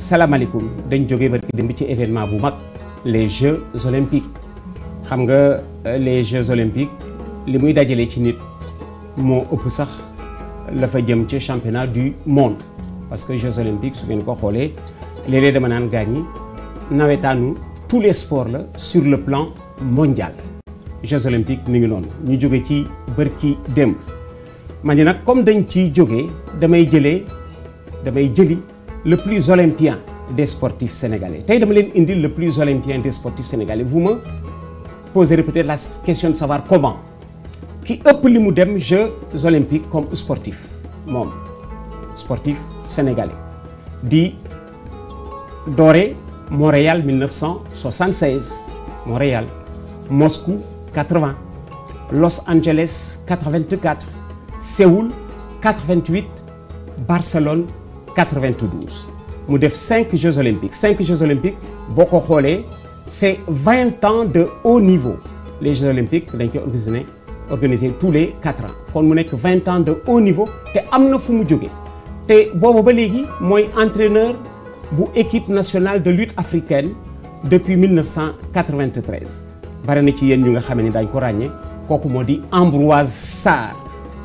salaamaaleykum dañ jógee barki démb ci événement bu mag les Jeux olympiques xam nga euh, les Jeux olympiques li muy dajalee ci nit moo ëpp sax lafa jëm ci championnat du monde parce que Jeux olympiques su ngeen ko xoolee léeg-léeg dama naan gaañ ñi nawetaanu tous les sports la sur le plan mondial. Jeux olympiques mi ngi noonu ñu jóge ci barki démb man ni nag comme dañ ciy jóge damay jëlee damay jëli. le plus olympien des sportifs sénégalais tey dama leen indil le plus olympien des sportifs sénégalais vous me poserez peut-être la question de savoir comment ki ëpp li mu dem Jeux olympiques comme sportif moom sportif sénégalais di doore Montréal 1976 Montréal Moscou 80 Los Angeles 84 Séoul 88 Barcelone 92 mu def cinq Jeux olympiques cinq Jeux olympiques boo ko xoolee c'est vingt ans de haut niveau les Jeux olympiques dañ koy organiser organiser tous les quatre ans kon mu nekk vingt ans de haut niveau te am na fu mu jóge te boobu ba léegi mooy entraîneur bu équipe nationale de lutte africaine depuis 1993 bare na ci yéen ñu nga xam ni dañ ko ràññee kooku moo di Ambroise Sarr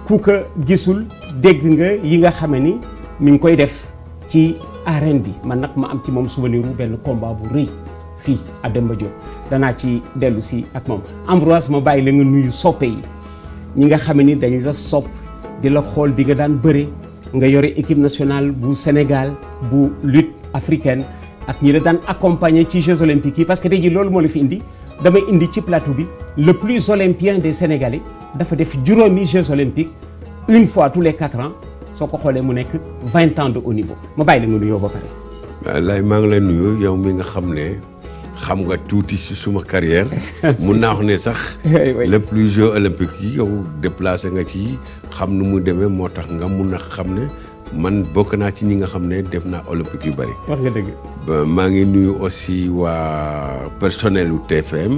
ku ko gisul dégg nga yi nga xam ni. mi ngi koy def ci arène bi man nag ma am ci moom souvenir bu benn combat bu rëy fii dem ba Diop danaa ci dellusi ak moom Ambroise ma bàyyi la nga nuyu soppe yi ñi nga xam ni dañ sa sop di la xool di nga daan bëre nga yore équipe nationale bu Sénégal bu lutte africaine ak ñi la daan accompagner ci Jeux olympiques yi parce que tey jii loolu moo la fi indi damay indi ci plateau bi le plus olympien des Sénégalais dafa def juróomi Jeux olympiques une les quatre ans soo ko xoolee mu nekk vingt ans de haut niveau ma bàyyi la nga lay maa ngi lay nuyu yow mi nga xam ne xam nga tuuti si suma carrière mun naa wax ne sax. lépp luy jeux olympiques yi yow déplacé nga ci xam nu mu demee moo tax nga mun na xam ne. man bokk naa ci ñi nga xam ne def naa olympique yu bëri. wax nga dëgg. maa ngi nuyu aussi waa personnel u TFM.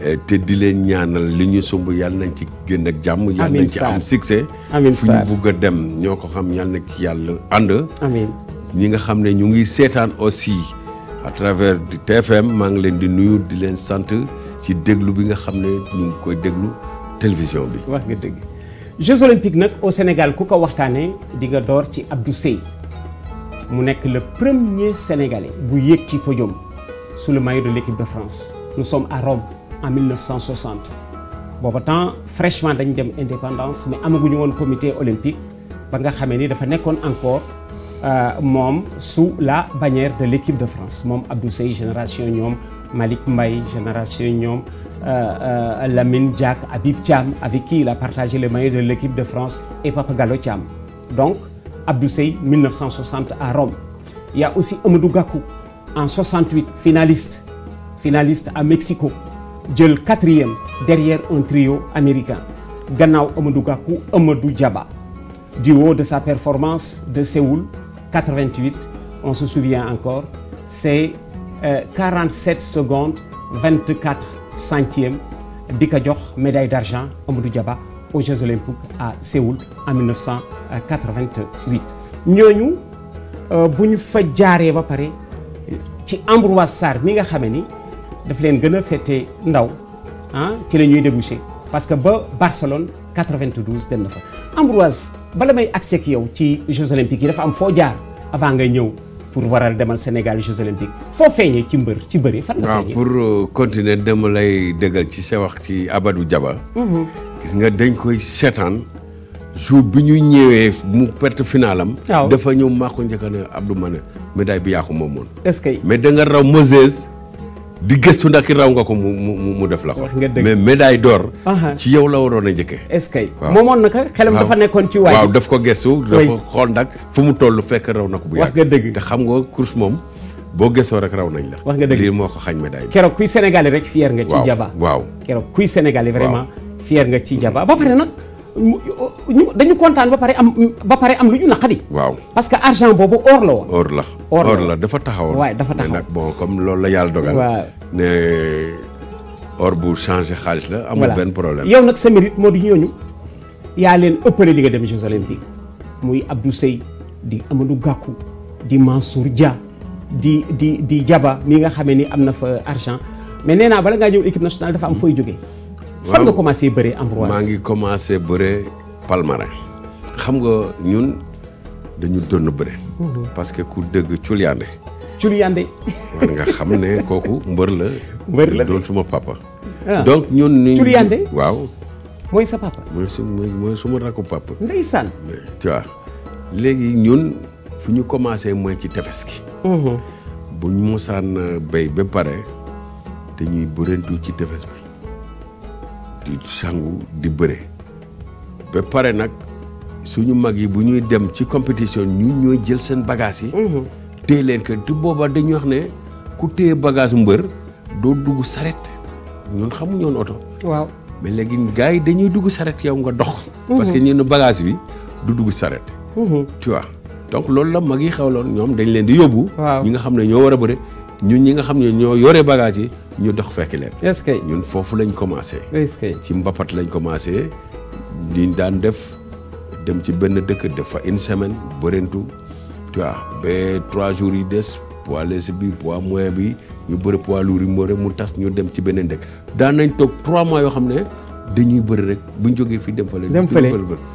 Eh, te di leen ñaanal li ñu sumb yàlla nañ ci génn ak jàmm. amiin yàlla nañ ci am succès. amiin fu a dem ñoo ko xam yàlla na ci yàlla ànd. amiin ñi nga xam ne ñu ngi seetaan aussi à travers TFM maa ngi leen di nuyu di leen sant ci déglu bi nga xam ne ñu ngi koy déglu télévision bi. wax nga dëgg Jeux olympiques nag au Sénégal ku ko waxtaanee dinga nga door ci Abdou Seye mu nekk le premier sénégalais bu yéeg ci podium sous le de l' de France nous sommes à en 1960 booba temps fraîchement dañ dem indépendance mais amaguñu woon comité olympique ba nga xamee ni dafa nekkoon encore euh, moom su la bannière de l'équipe de France moom Abdou Seye génération ñoom Malick Mbaye génération ñoom euh, euh, Lamine Diack Habib Thiam avec qui il a partagé le maillot de l'équipe de France et Papa Gallo Thiam donc Abdou Seye 1960 à Rome il y a aussi Amadou Gakou en 68 finaliste finaliste à Mexico jël quatrième derrière un trio américain gannaaw Amadou Gakou Amadou Diaba du haut de sa performance de Séoul 88 on se souvient encore c'est euh, 47 secondes 24 centièmes bi ko jox médaille d'argent Amadou Diaba aux Jeux olympiques à Séoul en 1988 ñooñu euh, bu ñu fa jaaree ba pare ci Ambroise Sarr mi nga xame ni daf leen gën a fete ndaw ah ci la ñuy débouché parce que ba Barcelone 92 dem a fa. Ambroise bala may accès ak yow ci Jeux olympiques yi dafa am foo jaar avant nga ñëw pour waral demal Sénégal Jeux olympiques foo feeñee ci mbër ci bëri fan nga feeñee. waaw pour euh, continuer dama lay dëggal ci sa wax ci Abadou Diaba. Mhm. gis nga dañ koy seetaan. jour bi ñu ñëwee mu perte final dafa ñëw maa ko njëkk a ne Abdou bi yaa ko moomoon. di gëstu ndax ki raw nga ko mu mu mu def la ko. mais médaille d'or ci yow la waroon a njëkkee. est-ce que moomoon dafa nekkoon ci waay. waaw daf ko gëstu. dafa xool ndax fu mu toll fekk raw na ko. bu yàgg te xam nga course moom. boo gëstoo rek raw nañ la. wax nga dëgg lii moo ko xañ médaille bi. keroog kuy sénégalais rek fier nga. ci jaba waaw waaw keroog kuy sénégalais vraiment. fier nga ci jaba ba pare nag ñu dañu kontaan ba pare am ba pare am lu ñu naqari. waaw parce que argent boobu or la woon. la or la dafa taxawoon. waaw dafa taxawoon mais nag bon comme loolu la yàlla dogal. waaw or bu changé xaalis la. amul benn problème yow nag sa mérite moo di ñooñu. yaa leen ëppale li nga dem Jeux olympiques muy Abdou Seye di Amadou Gakou di Mansour Dia di di di Jaba mi nga xamee ni am na fa argent mais nee naa bala ngaa ñëw équipe nationale dafa am fooy jógee. fan nga commencé am Ambroise maa ngi commencé bëree. palmarin xam nga ñun dañu doon bëre. Mhm. parce que ku dëgg Culiande. Culiande. nga xam ne kooku mbër la. mbër la doon suma papa. Ah. donc ñu Culiande waaw. mooy sa papa. mooy suma rakku papa. ndeysaan. léegi ñun fu ñu commencé mooy ci tefes gi. Mhm. bu ñu mosaan béy ba pare dañuy bërentu ci tefes bi di sangu di bëre. ba pare nag suñu mag yi bu ñuy dem ci compétition ñu ñoo jël seen bagage yi. Mhm. téye leen que te booba dañuy wax ne ku téye bagage mbër doo dugg saret ñun xamuñu woon waaw mais léegi gars yi dañuy dugg saret yow nga dox. Mhm. parce que ñun bagage bi du dugg saret. Mhm. tu vois donc loolu la mag yi xew xewloon ñoom dañ leen di yóbbu. ñi nga xam ne ñoo war a bëri ñun ñi nga xam ne ñoo yore bagage yi ñu dox fekk leen. est-ce que ñun foofu lañ commencé. est-ce ci mbapat lañ commencé. liñ daan def dem ci benn dëkk def fa une semaine bërintu tu vois ba trois jours yi des poids léger bi poids moyen bi ñu bëri poids lourd yi mu tas ñu dem ci beneen dëkk daan nañ toog trois mois yoo xam ne dañuy bëri rek bu ñu jógee fii dem fële. dem fële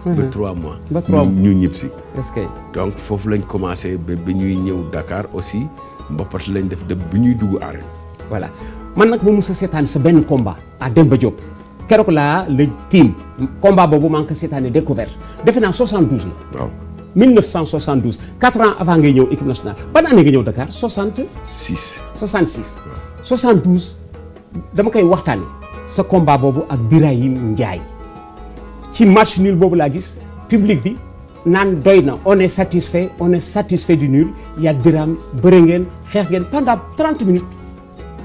ba trois mois. ba ñu ñib si. est-ce donc foofu lañ commencé ba bi ñuy ñëw dakaar aussi mbapat lañ def dem bi ñuy dugg arène. voilà man nag ma mos a seetaan sa benn combat à Demba Diop. keroog laa la tiim combat boobu maa ngi ko seetaane découverte defe naa 72 la. waaw 1972 4 ans avant ngay ñëw équipe nationale ban année nga ñëw Dakar 66. 66 72 dama koy waxtaan sa combat boobu ak Birahim Ndiaye ci match nul boobu laa gis public bi. naan doy na on est satisfait on est satisfait du nul yàgg Birame bëre ngeen xeex ngeen pendant 30 minutes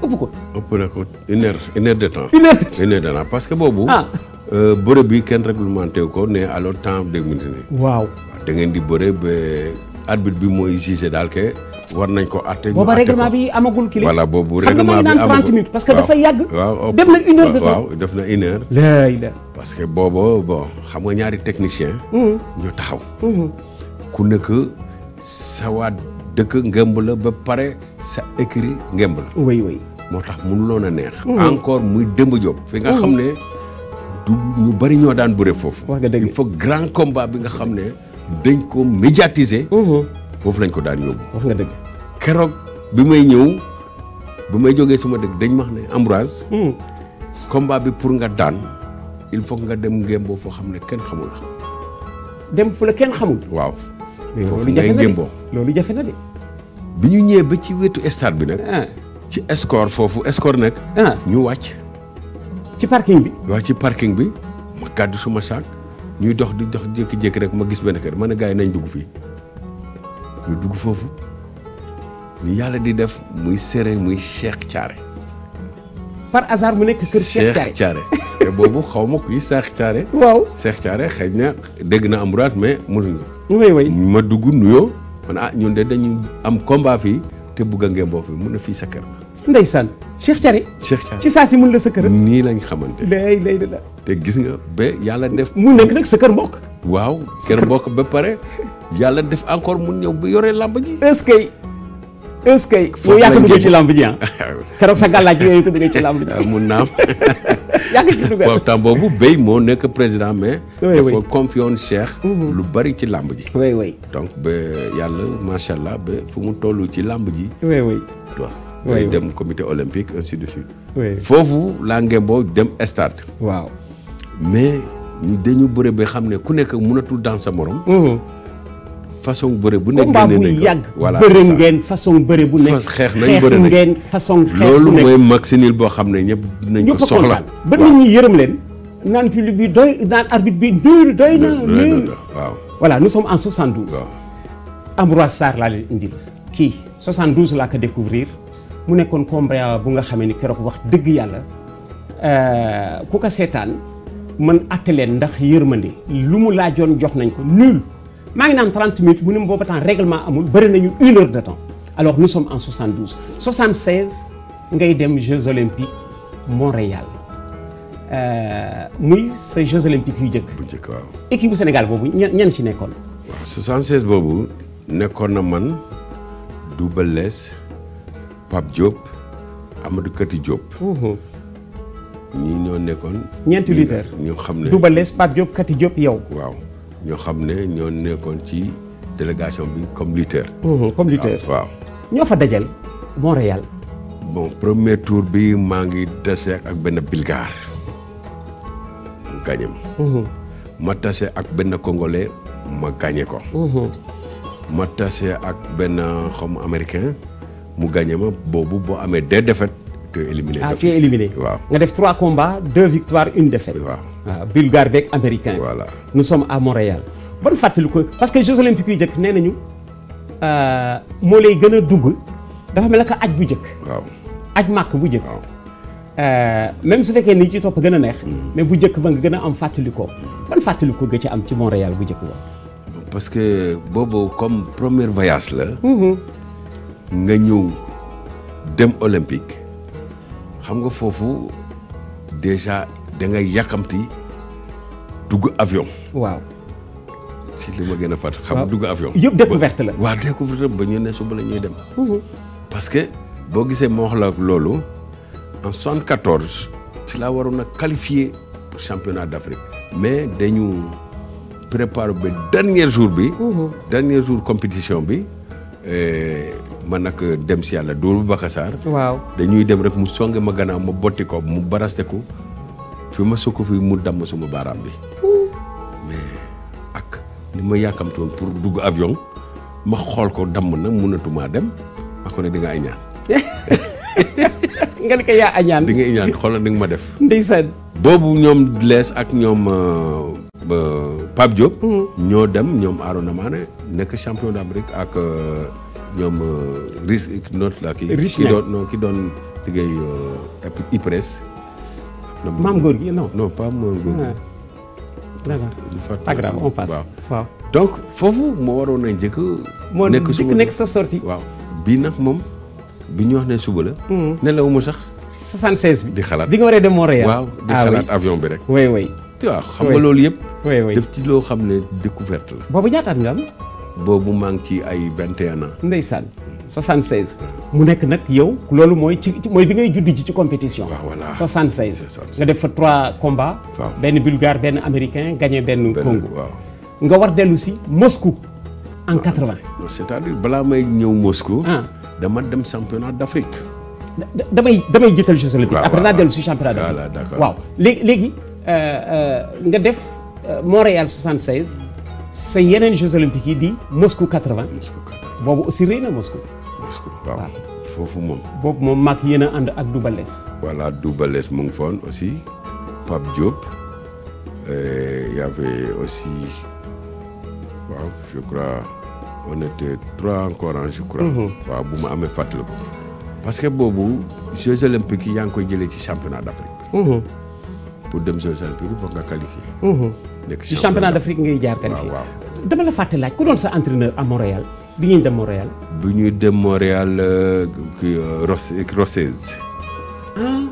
ëpp ko. ëpp na ko une heure une heure de temps. une de temps parce que boobu. Ah. Euh, bërëb bi kenn réglementé ko ne alors temps de minutes. waaw da ngeen di bëre ba arbitre bi mooy jugé daal ke war nañ ko àtte. ñu àtte bi amagul kii voilà boobu règlement bi amagul parce que dafa yàgg. waaw def na une de temps def na une heure. laay parce que booba bon xam nga ñaari technicien mm-hmm. ñoo taxaw. Mm-hmm. ku nekk sawaat. dëkk ngemb la ba pare sa écrit ngemb la. moo tax mënuloon a neex. Mm. encore muy Demba Diop. fi nga mm. xam ne du ñu bari ñoo daan bëre foofu. wax nga dëgg il faut grand combat bi nga xam ne dañ ko médiatiser. Mm-hmm. foofu lañ ko daan yóbbu. nga dëgg keroog bi may ñëw bi may jógee suma dëkk dañ ma wax ne Ambroise. Mm. combat bi pour nga daan il faut nga dem ngemboo foo xam ne kenn xamul la. dem fu la kenn xamul. waaw. foofu ngay ngémboo loolu jafe na bi ñu ñëwee ba ci wetu stade bi nag ah. ci escort foofu escort nag ah. ñu wàcc ci parking bi waaw ci parking bi ma gàddu suma saak ñuy dox di dox jékki-jékki rek ma gis benn kër man ne gars nañ dugg fii ñu dugg foofu ni yàlla di def muy séré muy Cheikh Thiaré par hasard mu nekk kër Cheikh Thiaré te boobu xaw ma kuy seex Thiaré waaw Cheikh Thiaré na dégg na am mais mënuñu oui oui ma dugg nuyoo ma a ah ñun de dañu am combat fii te bugg a ngemboo fi mun na fii sa kër la. ndeysaan Cheikh Thiaré. ci saa si mun la sa kër. nii lañ xamante lay lay la. te gis nga ba yàlla def. mu nekk nag sa kër mbokk. waaw kër mbokk ba pare yàlla def encore mun ñëw ba yore làmb ji. est-ce que. est-ce que yow yaa ko dugal ci lamb ji ah keroog sa gàllaaj yooyu ko dugal ci làmb ji ah, mun naam boobu temps béy moo nekk président mais dafa confié mhm. lu bari ci làmb ji donc ba yàlla macha allah ba mu toll ci làmb ji oui oui dem comité olympique ainsi de foofu laa ngemboo dem stade waaw mais dañu bëre ba xam ne ku nekk munatul dans sa morom mhm. façon bëre bu nekk génne nañ yàgg voilà bëre ngeen façon bëre bu nekk xeex nañ bëre ngeen façon loolu mooy maxinil boo xam ne ñëpp dinañ ko soxla ba nit ñi yërëm leen naan public bi doy naan arbitre bi nul doy na nul waaw voilà nous sommes en 72 Ambroise laa leen indil kii 72 laa ko découvrir mu nekkoon combat bu nga xamee ni keroog wax dëgg yàlla euh, ku ko seetaan man atte leen ndax yërmande lu mu laajoon jox nañ ko maa ngi naan 30 minutes mu ne ma booba temps règlement amul bëri nañu une heure de temps alors nous sommes en 72 76 ngay dem Jeux olympiques Montréal euh, muy sa Jeux olympiques yu njëkk. bu njëkk bu jëkk bu Sénégal boobu ñan ñan ci nekkoon. waaw 76 boobu nekkoon na man Double Less Pape Diop Amadou Kati Diop. ñii ñoo nekkoon. ñeenti lutteurs ñoo xam ne Double Less Pape Diop Kati Diop yow. waaw. ñoo xam ne ñoo nekkoon ci délégation bi comme lutteur. Mhm, comme lutteur waaw ñoo fa dajal Montréal. bon premier tour bi maa ngi tase ak benn Bulgare mu gagné ma. Mhm. ma tase ak benn congole ma gagné ko. Mhm. ma tase ak benn xaw ma américain mu gagné ma boobu boo amee deux défaites. Ah, tu es éliminé. waaw. nga def trois combats deux victoires une défaite. waaw waaw ah, bulgare beeg américain. voilà nous sommes ban fàttali ko parce que Jeux olympiques yu njëkk nee nañu euh, moo lay gën a dugg dafa mel ne que aj bu njëkk. aj màkk bu njëkk. Euh, même su fekkee ni ci topp gën a neex. Mm. mais bu njëkk ba nga gën a am fàttali ko ban fàttali ko ci am ci Montréal bu njëkk ba. parce que boobu comme première voyage la. Mm-hmm. nga ñëw dem olympique. xam nga foofu déjà da ngay yàkkamti dugg avion. waaw. si li ma gën a fàtt xam dugg avion. yëpp découverte la waaw découverte ba ñu ne suba la ñuy dem. Mhm. parce que boo gisee moo wax la loolu en 74 ci laa waroon a qualifié pour championnat d' Afrique. mais dañu préparé ba dernier jour bi. Mhm. dernier jour compétition bi. man nag dem si yàlla dóor bu bakasaar waaw dañuy dem rek mu songe ma gannaaw ma botti ko mu baraste ko fi ma sukk fi mu damm suma baaraam bi mais ak ni ma yàkkamtoon pour dugg avion ma xool ko damm na mënatumaa dem ma ko ne di nga ay ñaan nga ne ko yaa añaan di nga iñaan ma def ndeysaan boobu ñoom lees ak ñoom euh, Pape Diop. Mhm. ñoo dem ñoom Arona Mané nekk champion d'Afrique ak euh, ñoom euh, riche note la kii. riche ki doon non ki doon liggéey euh, IPRES. maam góor gi non non pas maam góor gi. pas grave on passe waaw donc foofu moo waroon a njëkk. moo njëkk nekk sa sortie waaw bii nag moom bi ñu wax ne suba la. mu mhm. sax. 76 bi di xalaat bi nga waree dem Montréal. waaw di ah xalaat avion bi rek. tu xam nga loolu yëpp. def ci loo xam ne découverte la. boobu ñaataat nga boobu maa ngi ci ay 21 ans. ndeysaan 76. Mm. Ah. mu nekk nag yow loolu mooy ci mooy bi ngay judd ji ci compétition. waaw voilà 76. nga def fa 3 combats. benn bulgare benn américain gagné benn. Congo nga war dellu si Moscou en 80. Ah. c'est-à-dire balaa may ñëw Moscou. Ah. dama dem championnat d'Afrique. damay damay jëtal Jeux olympiques. après naa dellu si championnat d'Afrique. waaw léegi léegi. Euh, euh, nga def euh, Montréal 76 sa yeneen Jeux olympiques yi di Moscou 80. Moscou 80 boobu aussi rëy na Moscou. foofu moom. boobu moom maag yéen a ànd ak Double Less. voilà Double Less mu foon aussi Pape Diop y avait aussi waaw je mm-hmm. que boobu Jeux olympiques yi yaa ngi koy jëlee ci championnat Afrique. Mm-hmm. pour dem Jeux olympiques foog nga qualifié. Mhm. nekk ci championnat d'Afrique ngay jaar qualifié dama la fàtte laaj ku doon sa entraîneur à Montréal bi ñuy dem Montréal. bi ñuy dem Montréal euh, kii euh, Rossès. Ah,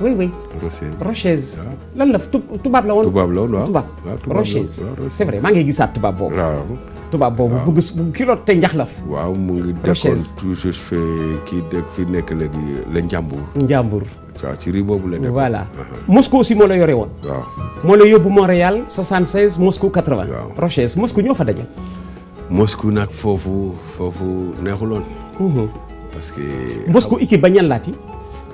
ah lan la tubaab la la woon waaw tubaab. Ah, waaw c'est vrai maa ngi gisaat tubaab boobu. bu gis bu kilo te njaxlaf. waaw mu ngi dekkoon toujours fee kii dëkk fi nekk léegi la Njàmbur. Njàmbur. waaw ci riz boobu la nekk. voilà uh-huh. Moscou aussi moo la yore woon. waaw moo la yóbbu Montréal 76 Moscou 80. waaw Rochesse Moscou ñoo fa daje. Moscou nag foofu foofu neexuloon. Mhm. parce que. Moscou équipe ba laa laati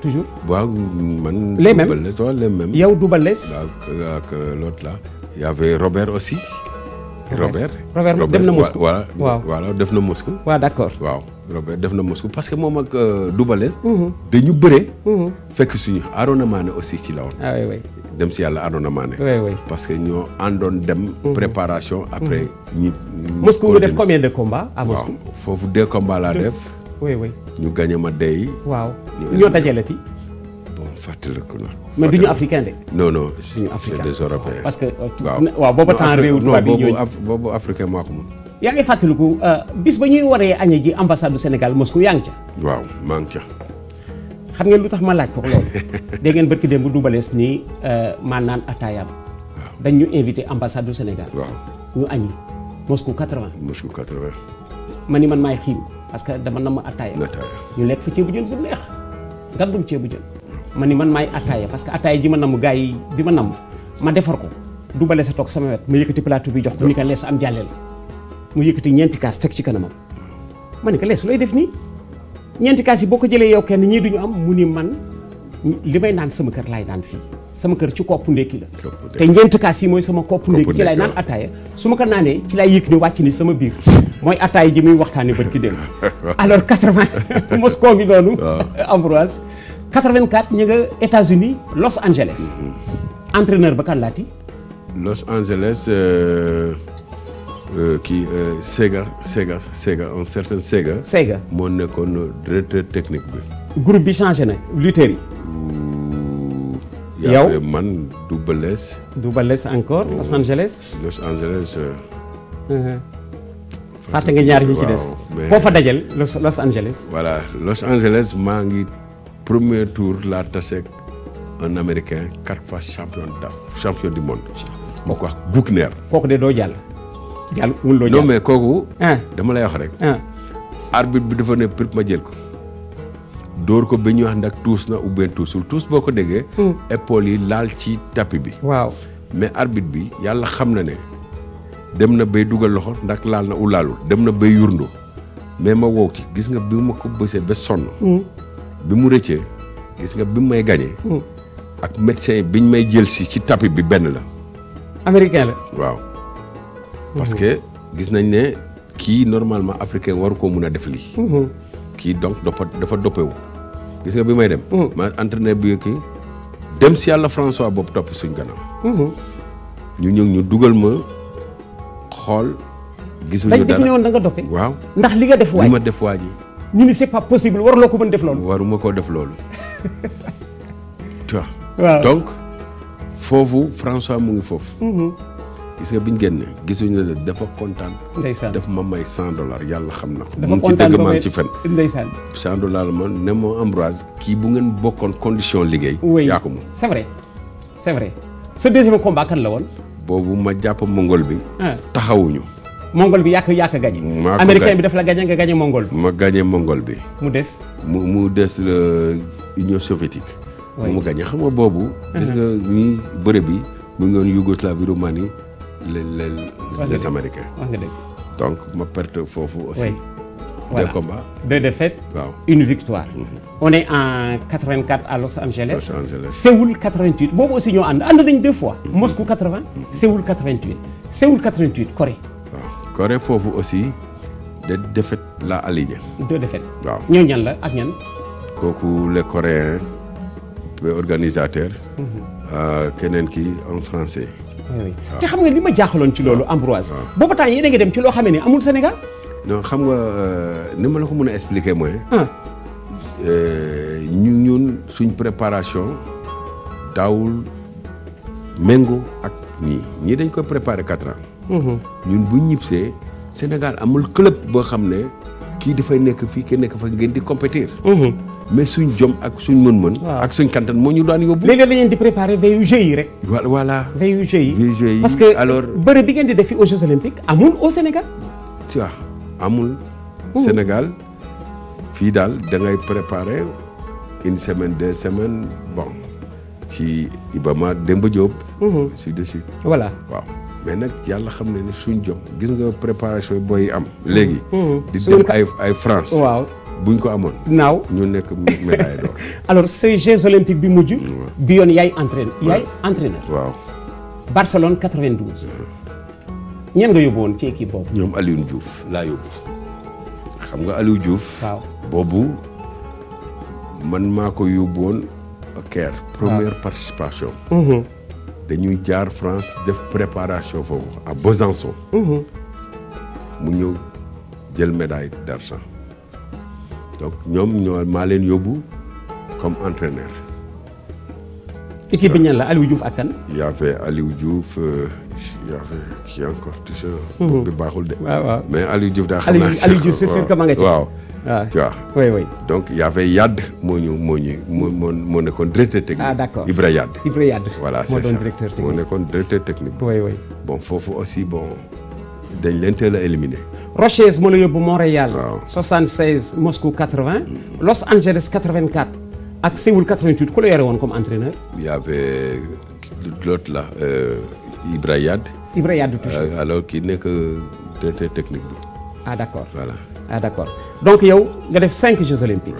toujours. waaw man. les mêmes Double Less waaw les mêmes. yow Double Less. waaw ak l'autre là. y Robert aussi. Robert Robert def na Moscou waaw d'accord waaw Robert def na Moscou parce que moom ak Dubalès ñu bëre fekk suñu Arona Mané aussi ci la woon ah, dem si yàlla Arona Mané parce que ñoo àndoon dem mhm. préparation après mhm. ñi Moscou def combien de combats à Moscou foofu deux combats laa def ñu gagné ma dey waaw ñoo dajalati fàttaliku na. mais du ñu africain de. non non du ñu africain parce que euh, waaw booba temps réew tubaab bi ñooñu boobu africain maa ko mën. yaa ngi fàttaliku euh, bis ba ñuy waree añee ji ambassade du Sénégal Moscou yaa ngi xam ngeen lu tax ma laaj ko loolu. dégg ngeen barki démb Dubalès nii euh, maa naan ataayaam. waaw invité ambassade du Sénégal. waaw ñu añi Moscou 80. Moscou ma ni man maay xiim parce que dama nam ma ataaya. ñu lekk fa ceebu jën bu neex. gàddum ceebu jën. ma ni man may attaaya parce que attaaya ji ma namm gars yi bi ma namm ma defar ko du bale sa toog sama wet ma yëkkati plateau bi jox ko ni ko lees am jàlleel mu yëkkati ñeenti kaas teg ci kanamam ma ne ko lees looy def nii ñeenti kaas yi boo ko jëlee yow kenn ñii ñu am mu ni man li may naan sama kër laay naan fii sama kër ci kopp ndékki la te ñeenti kaas yi mooy sama kopp ndékki ci laay naan attaaya su ma ko naanee ci laay yëg ni wàcc ni sama biir mooy attaaya ji muy waxtaane bërki démb quatre-vingt mos koo ngi noonu Ambroise 84 ñu nga États-Unis Los Angeles. Mhm. entraîneur ba kan laati. Los Angeles euh, euh, kii euh, Sega Sega Sega un certain Sega. Sega moo nekkoon directeur technique bi. groupe bi changé na lutteur yi. yow man Double Less. Double Less encore Los Angeles. Los Angeles. Uh-huh. fàtte nga ñaar ñi ci des. boo fa dajal Los Angeles. voilà Los Angeles maa ngi. premier tour laa taseeg un américain fa fois champion d'Afrique champion du monde. moo ko wax Gougner. kooku de doo jàll. jàll wul doo jàll non kooku. dama lay wax rek. arbitre bi dafa ne përp ma jël ko. door ko ba ñuy wax nag tuus na ou bien tuusul tuus boo ko déggee. Hmm. épaules yi laal ci tapi bi. waaw mais arbitre bi yàlla xam na ne dem na bay dugal loxo ndax laal na ou laalul dem na bay yurndu mais ma wow ci gis nga bi ma ko bësee ba sonn. Hmm. bi mu rëccee gis nga bi may gañee hmm. ak médecin yi biñ may jël si ci tapis bi benn la. américain la waaw. Hmm. parce que gis nañ ne kii normalement africain waru koo mun a def lii. Hmm. kii donc dafa dafa doppewu gis nga bi may dem. ma entraîneur bi kii dem si yàlla François boobu topp suñ gannaaw. ñu ñëw ñu dugal ma xool. gisuñu dara dañ def ne da nga doppe. waaw ndax li nga def waaj li ma def waaj. ñu ni c'est pas possible war waruloo ko mën def loolu. waruma koo def loolu. donc foofu François mu ngi foofu. Mm-hmm. gis nga bi ñu génne gisuñu ne dafa kontaan. ndeysaan daf ma may cent dollars yàlla xam na ko. dafa kontaan mu ngi ci dëgg maa ci fen. ndeysaan cent dollars ma ne moo kii bu ngeen bokkoon condition liggéey. yaa ko moom c'est vrai c'est vrai. sa la woon. boobu ma jàpp mongol bi. Ah. taxawuñu. mongol bi yaa ko yaa ko gagné. américain bi daf la gagné nga gagné mongol bi. mu des. mu mu des Union soviétique. mu mu gagné boobu. gis nga uh-huh. ñi bëre bi mu ngi woon Yougoslavie Roumanie les les les américains. wax nga dëgg donc ma perte foofu aussi. Voilà. Deux combats. Deux défaites, une victoire. Mm -hmm. On est en 84 à Los Angeles. Los Angeles. Séoul 88. Bobo aussi, nous avons deux fois. Mm-hmm. Moscou 80, mm -hmm. Corée foofu aussi de défaite la aligné. deux défaites waaw ñoo ñan la ak ñan. kooku les coréens organisateur. Mhm. Euh, keneen ki en français. te xam nga li ma jaaxaloon ci loolu Ambroise. waaw boobu temps yii da nga dem ci loo xam ne amul Sénégal. non xam nga euh, ni ma la ko mën a expliquer mooy. ñu ah. euh, ñun suñ préparation daawul méngoo ak ñii ñii dañ ko préparer quatre ans. Mm-hmm. ñun bu ñibbisee Sénégal amul club boo xam ne kii dafay nekk fii kenn nekk fa ngeen di compétir. Mm-hmm. mais suñ jom ak suñ mën-mën. ak suñ kantan moo ñu daan yóbbu. léegi dañ leen di préparer veille yu Jeux yi rek. voilà veille yu yi. parce que alors bëre bi ngeen di def fii aux Jeux olympiques amul au Sénégal. waaw amul. Mm-hmm. Sénégal fii daal da ngay préparer une semaine deux semaines bon ci Ibama Demba Diop. ainsi de suite. voilà mais nag yàlla xam ne ni suñ jom gis nga préparation booy am mm-hmm. léegi mm-hmm. di dem ay ay France buñ ko amoon naaw ñu nekk médaille d'or alors ces Jeux olympiques bi mujj bi yoon yaay entraîne yaay entraîneur waaw Barcelone 92 ñeen nga yóbbu woon ci équipe boobu ñoom Alioune Diouf laa yóbbu xam nga Aliou Diouf waaw boobu man maa ko yóbbu woon Caire première ah. participation mm-hmm. dañuy jaar France def préparation foofu à Besançon. Mhm. mu ñëw jël médaille d'argent donc ñoom ñoo maa leen yóbbu comme entraîneur. équipe bi ñan la Aliou Diouf ak kan. y avait Aliou Diouf euh, y avait kii encore mhm. toujours. bi baaxul de. waaw mais Aliou Diouf daal xam naa. Aliou nga ci. waaw waaw tu vois. oui oui donc y avait moo ñu moo ñu moo moo moo nekkoon directeur technique. ah d'accord Ibra Yad. Ibra Yad voilà c'est ça moo nekkoon directeur technique. oui oui bon foofu aussi bon. dañ leen teel a éliminé. Rochers moo la yóbbu Montréal. waaw 76 Moscou 80. Mm. Los Angeles 84. ak Séoul 88 ku la yore woon comme entraîneur. y avait l'autre là euh, Ibra Yade. Euh, alors kii nekk technique bi. ah d'accord voilà. ah d'accord donc yow nga def cinq Jeux olympiques.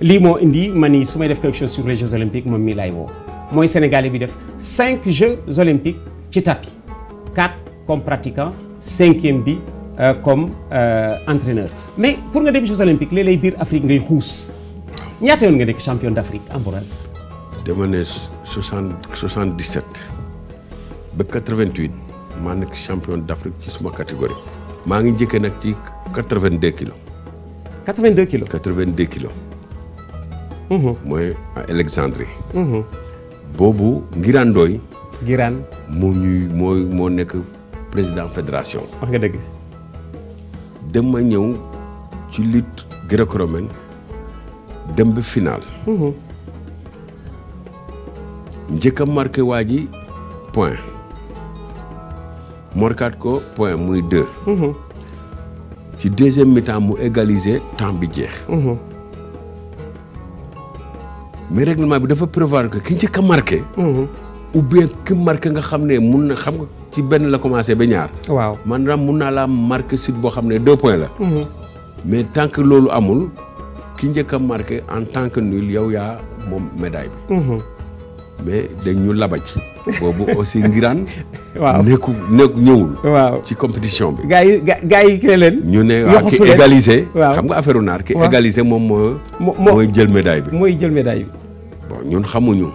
lii moo indi man ni su may def quelque sur les Jeux olympiques moom mii laay woo mooy sénégalais bi def cinq Jeux olympiques ci tapis quatre comme pratiquant cinquième bi euh, comme entraîneur mais pour nga dem Jeux olympiques léeg-léeg biir Afrique ngay xuus. ñaata yoon nga nekk champion d'Afrique Ambroise. dama ne soixante soixante dix sept ba quatre vingt huit maa nekk champion d'Afrique ci suma catégorie. maa ngi njëkkee nag ci quatre kilo deux kilos. quatre vingt deux kilos quatre mhm. mhm. boobu Ngiraan Ndoye. Ngiraan moo ñuy nekk président fédération. wax nga dëgg. dama ñëw ci lutte gréco dem ba final. Mhm. njëkk a marqué waa ji point marquaat ko point muy deux. Mhm. ci deuxième mi mu égaliser temps bi jeex. Mhm. mais règlement bi dafa prévoir que ki njëkk a marqué. ou bien ki nga xam ne mun na xam nga ci benn la commencé ba ñaar. waaw maanaam mun naa laa marqué sud boo xam ne deux points la. mais tant que loolu amul. ki njëkk a en tant que nul yow yaa moom médaille bi. Mhm. mais dañ ñu labaj. boobu aussi ngiraan. waaw nekku nekk ñëwul. waaw ci compétition bi. gars yi gars ñu ne waaw ki égalisé. xam nga affaire naar ki égalisé moom moo. mooy jël médaille bi. mooy jël ñun xamuñu.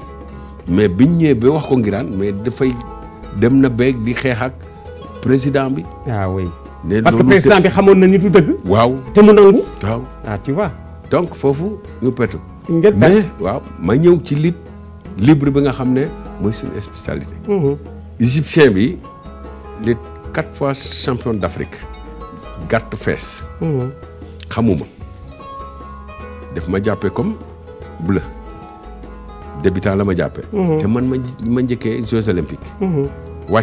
mais bi ñëwee ba wax ko ngiraan mais dafay dem na beeg di xeex ak président bi. waaw ah oui. parce que président bi xamoon na ni du dëgg. waaw te mu nangu. waaw ah, donc foofu ñu petu mais waaw ma ñëw ci lit libre bi nga xam ne mooy suñu spécialité mhm. égyptien bi lit quatre fois champion d'Afrique gàtt fees mhm. xamuma def ma jàppee comme bleu débutant la ma jàppee mhm. te man ma ma njëkkee Jeux olympiques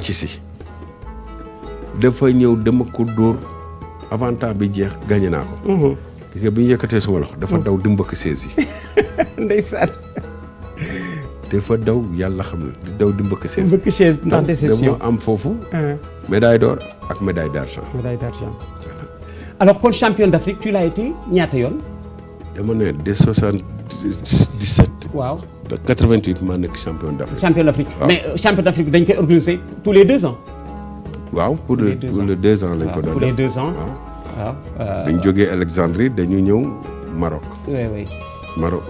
si dafa ñëw dama ko dóor avant bi jeex gagné naa ko gis nga bi ñu yëkkatee suma loxo dafa mm. daw di mbëkk sees yi ndeysaan dafa daw yàlla xam na di daw di mbëkk sees mbëkk sees ndax déception am foofu ah. médaille d'or ak médaille d'argent médaille d'argent alors kon champion d'Afrique tu l'as été ñaata yoon dama ne de soixante-dix-sept waaw ba quatre-vingt-huit maa nekk champion d'Afrique champion d'Afrique mais euh, champion d'Afrique dañ koy organiser tous les ans waaw pour, pour ans lañ ko doon def pour les waaw dañ jógee Alexandrie dañu ñëw Maroc. oui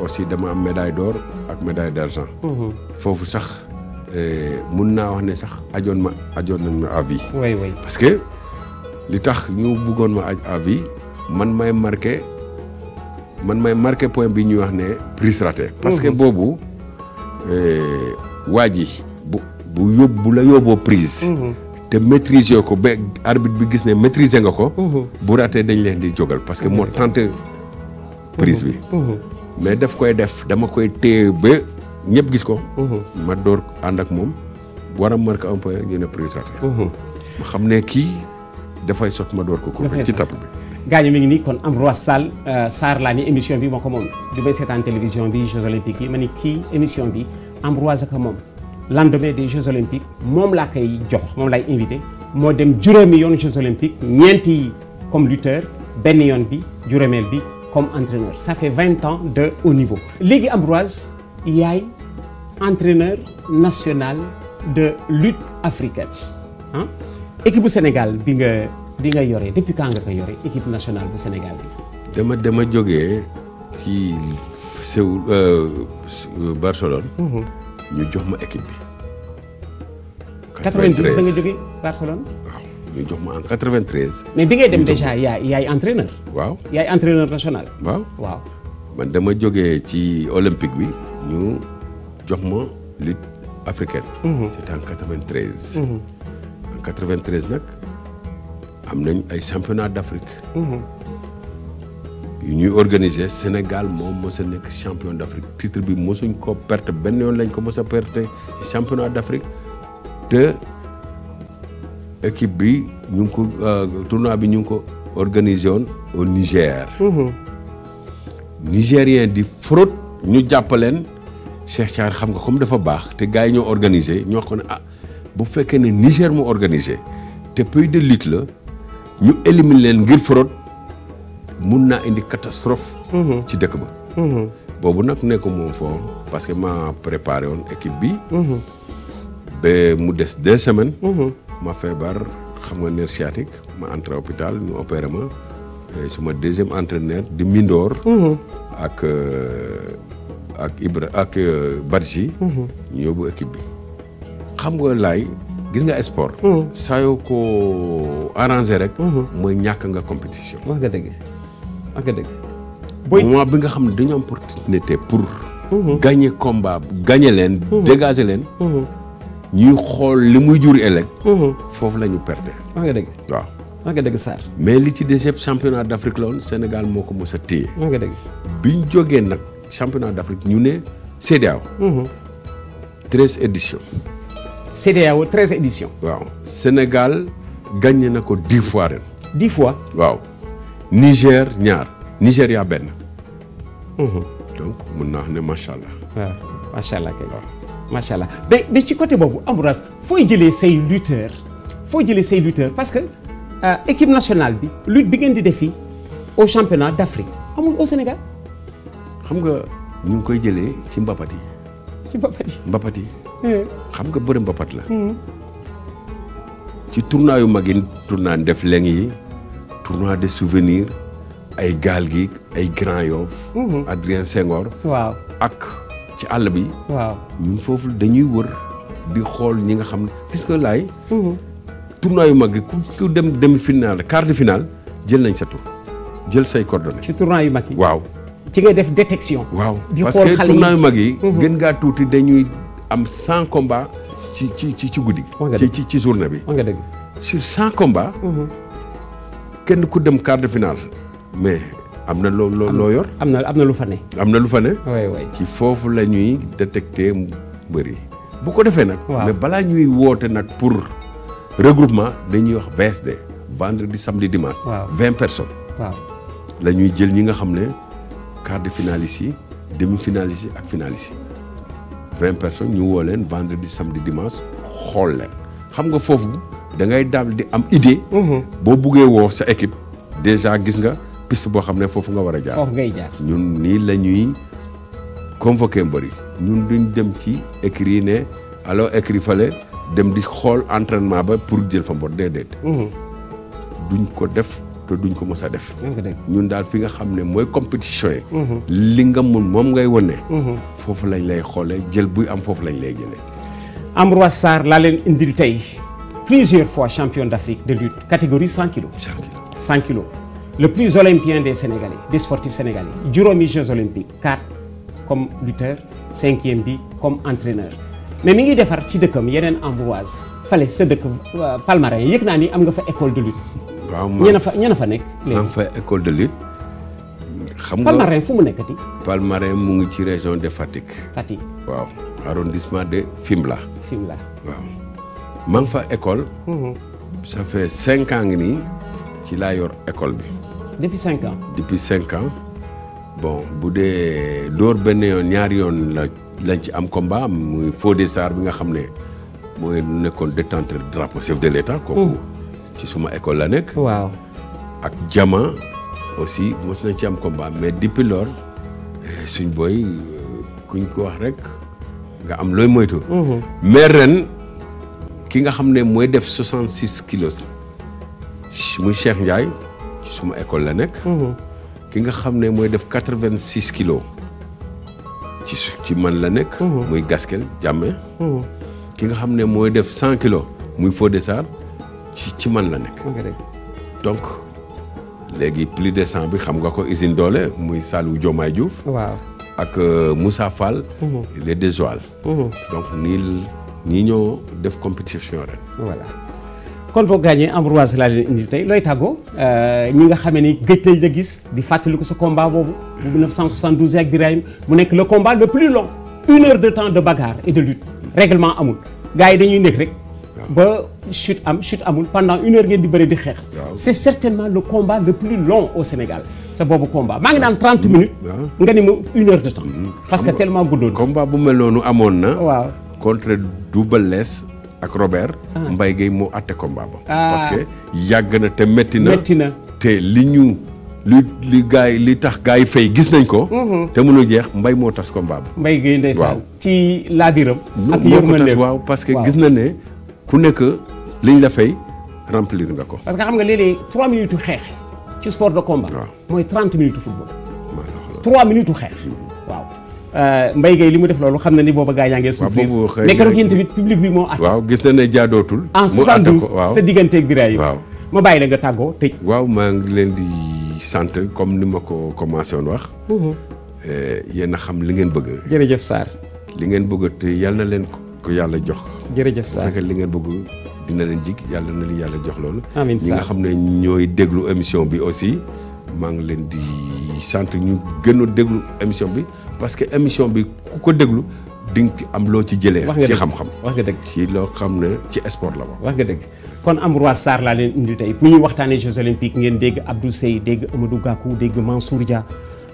aussi dama am médaille d'or ak médaille d'argent. Mhm. foofu sax eh, mun naa wax ne sax ajoon ma ajoon nañ ma à vie. parce que li tax ñu bëggoon ma aj à vie man may marqué man may marqué point bi ñuy wax ne prise ratée. parce que mhm. boobu eh, waa ji bu bu yób bu la yóbboo prise. Mhm. te maîtriser ko be arbitre bi gis ne maîtriser nga ko. Mhm. bu raatee dañ leen di jogal parce que moo tenté prise bi. Mhm. Mhm. mais daf koy def dama koy téye ba ñëpp gis ko. ma door ànd ak moom war a marqué un point ñu ne prise raté. ma xam ne kii dafay sot ma door ko. dafay ci tapp bi. gaañu mi ngi nii kon Ambroise Sall euh, Sarr laa ni émission bi moo ko moom. di bay seetaan télévision bi Jeux olympiques yi ma ni kii émission bi Ambroise ak moom. lendemain des Jeux olympiques moom laa koy jox moom laay invité moo dem juróomi yoonu Jeux olympiques ñeenti comme lutteur benn yoon bi juróomeel bi comme entraîneur ça fait vingt ans de haut niveau. léegi Ambroise yaay entraîneur national de lutte africaine ah équipe bu Sénégal bi nga bi nga yore depuis quand nga ko yore équipe nationale bu Sénégal bi. dama dama jógee ci Séoul euh, Barcelone. Mhm. ñu jox ma équipe bi. 93 93 da nga jógee jox ma en 93. mais bi ngay dem déjà yaay yaay entraîneur. waaw yaay entraîneur national. waaw waaw. man dama jógee ci olympique bi ñu jox ma lutte africaine. Mhm. c'était en 93. Mhm. en 93 nag am nañ ay championnat d'Afrique. Mhm. yu ñuy organiser Sénégal moom mos a nekk champion d' Afrique titre bi mosuñ ko perte benn yoon lañ ko mos a perte ci championnat te équipe bi ñu ngi ko euh, tournoi bi ñu ngi ko organisé woon au Niger. Mhm. Nigérien di fraude ñu jàppaleen Cheikh Thiar xam nga comme dafa baax te gars yi ñoo organisé ñoo xam ne ah bu fekkee ne Niger mu organisé te pays de lutte la ñu élimine leen ngir fraude. mun naa indi catastrophe. Mhm. ci dëkk ba. Mhm. boobu nag nekku moom foofu parce que ma préparé woon équipe bi. Mhm. ba mu des deux semaine ma feebar xam nga nerf sciatique ma entré hôpital ñu opéré ma. suma deuxième entraîneur di Mindor. ak euh, ak Ibra euh, ñu yóbbu équipe bi. xam nga lay gis nga sport. saa yoo ko arrangé rek. mooy ñàkk nga compétition. ak dëgg. booy moment bi nga xam ne dañu am opportunité pour. Mhm. gagner combat gagner leen. Mhm. dégager leen. Mhm. ñuy xool li muy jur ëllëg. foofu la ñu perte. wax nga dëgg. waaw wax mais li ci des yëpp championnat d' Afrique la Sénégal moo ko mos a téye. wax nga dëgg bi ñu jógee nag championnat d' Afrique ñu ne CEDEAO. treize éditions. CEDEAO treize éditions. waaw Sénégal gagné na ko dix fois ren. dix fois waaw. Niger ñaar Nigéria benn. Mhm. donc mun naa wax ne macha allah. waaw macha allah kay macha allah mais mais ci côté boobu Ambroise fooy jëlee say lutteurs foo jëlee say lutteurs parce que euh, équipe nationale bi lutte bi ngeen di def fii au championnat d' Afrique au Sénégal. xam nga ñu koy jëlee ci mbapat yi. ci yi hmm. xam nga bëri mbapat la. Hmm. ci tournoi yu mag yi tournoi def yi. tournoi de souvenirs ay gaal gi ay Grand Yoff mhm. Adrien Senghor waaw ak ci àll bi waaw ñun foofu dañuy wër di xool ñi nga xam ne puisque laay mhm. tournoi yu mag yi ku dem demi finale quart de finale jël nañ sa tur jël say coordonnées ci tournoi yu mag waaw ci ngay def détection waaw parce que tournoi yu mag yi mhm. gën gaa tuuti dañuy am cent combats ci ci ci ci guddi gi ci ci journée bi sur cent combats kenn ku dem quart de mais am na loo yor. am na am na lu fa ne. am na lu fa ne. ci foofu la ñuy détecter mbër yi bu ko defee nag. mais balaa ñuy woote nag pour regroupement dañuy wax VSD vendredi samedi dimanche. waaw vingt personnes. waaw la jël ñi nga xam ne quart de finaliste yi demi finaliste yi ak finaliste yi vingt personnes ñu woo leen vendredi samedi dimanche xool leen xam nga foofu. da ngay daal di am idée. Mhm. boo buggee woo sa équipe déjà gis nga piste boo xam ne foofu nga war a jaar. foofu ngay jaar ñun nii la ñuy convoqué mbëri ñun duñ dem ci écrit ne alors écrit fale dem di xool entraînement ba pour jël fa mbot déedéet. Mhm. duñ ko def te duñ ko mës a def. ñun daal fi nga xam ne mooy compétition yi. Mhm. li nga mun moom ngay wane. foofu lañ lay xoolee jël buy am foofu lañ lay jëlee. Ambroise Sarr laa leen indil tey. plusieurs fois champion d'Afrique de lutte catégorie 100 kilos. 100 kilos 100 kilos le plus olympien des Sénégalais des sportifs sénégalais juróomi Jeux olympiques 4 comme lutteur cinquième bi comme entraîneur. mais mi ngi defar ci dëkkam yeneen Ambroise fale sa dëkk Palmarin yëg naa ni am nga fa école de lutte. waaw man ña fa ña fa nekk. léegi fa école de lutte. xam nga Palmarin fu mu nekkati. Palmarin mu ngi ci région de Fatick. Fatick waaw arrondissement de Fimela. la waaw. maa ngi fa école. ça fait cinq ans ngi nii ci laa yor école bi. depuis cinq ans. depuis cinq bu dee dóor benn yoon ñaari yoon la lañ ci am combat muy Fodé Sarr bi nga xam ne mooy nekkoon détenteur drapeau chef de l'État. kooku mm. ci suma école la nekk. waaw ak Jama aussi mos nañ ci am combat mais depuis lors eh, suñ booy euh, kuñ ko wax rek nga am looy moytu. Mm-hmm. ki nga xam ne mooy def 66 kilos muy Cheikh Ndiaye suma école la nekk. Mhm. ki nga xam ne mooy def 86 kilos ci ci man la nekk. Mhm. muy Gaskel Jàmme. Mhm. ki nga xam ne mooy def 100 kilos muy Fodé Sarr ci ci man la nekk. donc léegi plus de 100 bi xam nga ko usine doole muy Saliou Diomaye Diouf. waaw ak euh, Moussa Fall. les deux donc nii ñi ñëw def compétition ren. voilà kon boo gaañee Ambroise laa leen indi tey looy tàggoo euh, ñi nga xamee ni gëj lañ la gis di fàttaliku sa combat boobu bu 1972 ak Birahim mu nekk le combat le plus long une heure de temps de bagarre et de lutte règlement amul gars dañuy nekk rek. ba chute am chute amul pendant une heure ngeen di bëri di xeex. c'est certainement le combat le plus long au Sénégal. sa boobu combat maa ngi naan 30 mm. minutes. nga ni ma une heure de temps. Mm. parce que tellement guddoon. combat bu amoon na. waaw. contre Double Less ak Robert. Ah. Mbaye Gueye moo àtte combat ba. Ah. parce que yàgg na te métti na métti na te li ñu. li li gars yi li tax gars yi fay gis nañ ko. Mhm. te mënu jeex mbay moo tas combat ba. mbay gi ndeysaan ci laabiram. ak yërmandeem waaw parce que gis na ne ku nekk liñ la fay remplir nga ko. parce que xam nga léeg-léeg minutes xeex ci sport de combat. waaw mooy 30 minutes football. 3 minutes xeex. Mhm. Euh, Mbaye Gueye li mu def loolu xam na ni booba gaa yaa ngee suuf mais keroog yéen tamit public bi moo at waaw gis na ne jaadootul en 72 sa digganteeg Birahim waaw ma bàyyi la nga tàggoo tëj waaw maa ngi leen di sant comme ni ma ko commencé woon wax mhm. eh, yéen a xam li ngeen bëgg jërëjëf Sarr li ngeen bëgg te yàlla na leen ko yàlla jox jërëjëf Sarr li ngeen bëgg dina leen jig yàlla na leen yàlla jox loolu amiin ñi nga xam ne ñooy déglu émission bi aussi maa ngi leen di sant ñu gën déglu émission bi parce que émission bi ku ko déglu di nga am loo ci jëlee. wax nga ci xam-xam wax nga dëgg. ci loo xam ne ci sport la ma. wax nga dëgg kon Ambroise Sarr laa leen indi tey bu ñu waxtaanee Jeux olympiques ngeen dégg Abdou Seye dégg Amadou Gakou dégg Mansour Dia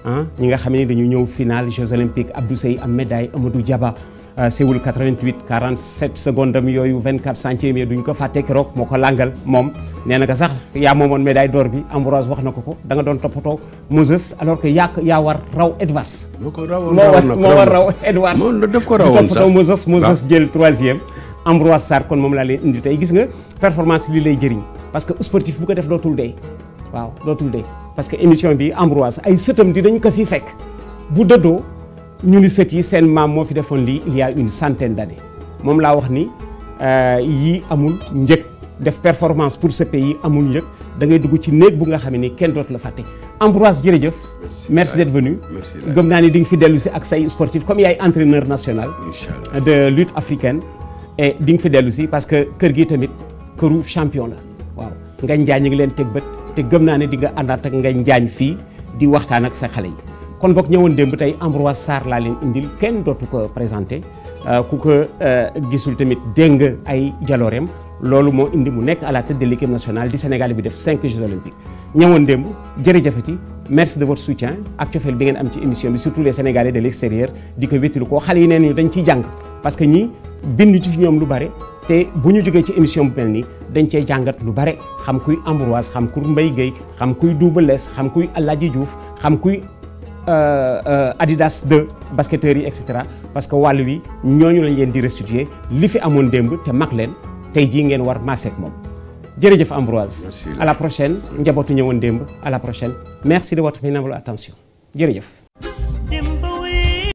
ah ñi nga xam ne dañu ñëw final Jeux olympiques Abdou Seye am médaille Amadou Diaba. Euh, Séoul 88 47 secondes am yooyu 24 centième yi duñ ko fàtte keroog moo ko làngal moom nee na ko sax yaa moomoon médaille d'or bi Ambroise wax na ko ko da nga doon toppatoo Moses alors que yaa yaa raw Edwards. moo ko rawoon moo war raw Edwards. moom daf ko rawoon Moses ah. Moses jël troisième. Ambroise Sarr kon moom laa leen indi tey gis nga performance lii lay jëriñ parce que sportif bu ko def dootul dee waaw dootul dee parce que émission ñu ni sët yi seen maam moo fi defoon lii il y une centaine d'années moom laa wax ni euh, yii amul njëg def performance pour ce pays amul njëg da ngay dugg ci néeg bu nga xam ni kenn dootu la fàtte Ambroise jërëjëf. merci d'être venu gëm naa ni di fi dellu si ak say sportif comme yaay entraîneur national. de lutte africain et fi dellu si parce que kër gi tamit këru champion la waaw ngañ njaañ ñu ngi leen teg bët te gëm naa ne di nga àndaat ak ngañ njaañ fii di waxtaan ak sa xale yi. kon boog ñëwoon démb tey Ambroise Sarr laa leen indil kenn dootu ko présenté euh, ku ko euh, gisul tamit dégg nga ay jalooreem loolu moo indi mu nekk à la tête de l'équipe nationale di Sénégal bi def cinq Jeux olympiques ñëwoon démb jërëjëfati merci de votre soutien ak cofeel bi ngeen am ci émission bi surtout les Sénégalais de l'extérieur di ko wéttalu koo xale yi nee nañu dañ ciy jàng parce que ñi bind ci ñoom lu bare te bu ñu jógee ci émission bu mel nii dañ cee jàngat lu bare xam kuy Ambroise xam kuy Mbaye Guèye xam kuy Double Less xam kuy Aladji Diouf xam kuy Euh, euh, Adidas de basketteurs yi et cetera parce que wàll wi ñooñu lañ leen di restituer li fi amoon démb te mag leen tey jii ngeen war maaseek moom jërëjëf Ambroise. merci à la prochaine njabootu ñëwoon démb à la prochaine merci de votre minable attention jërëjëf.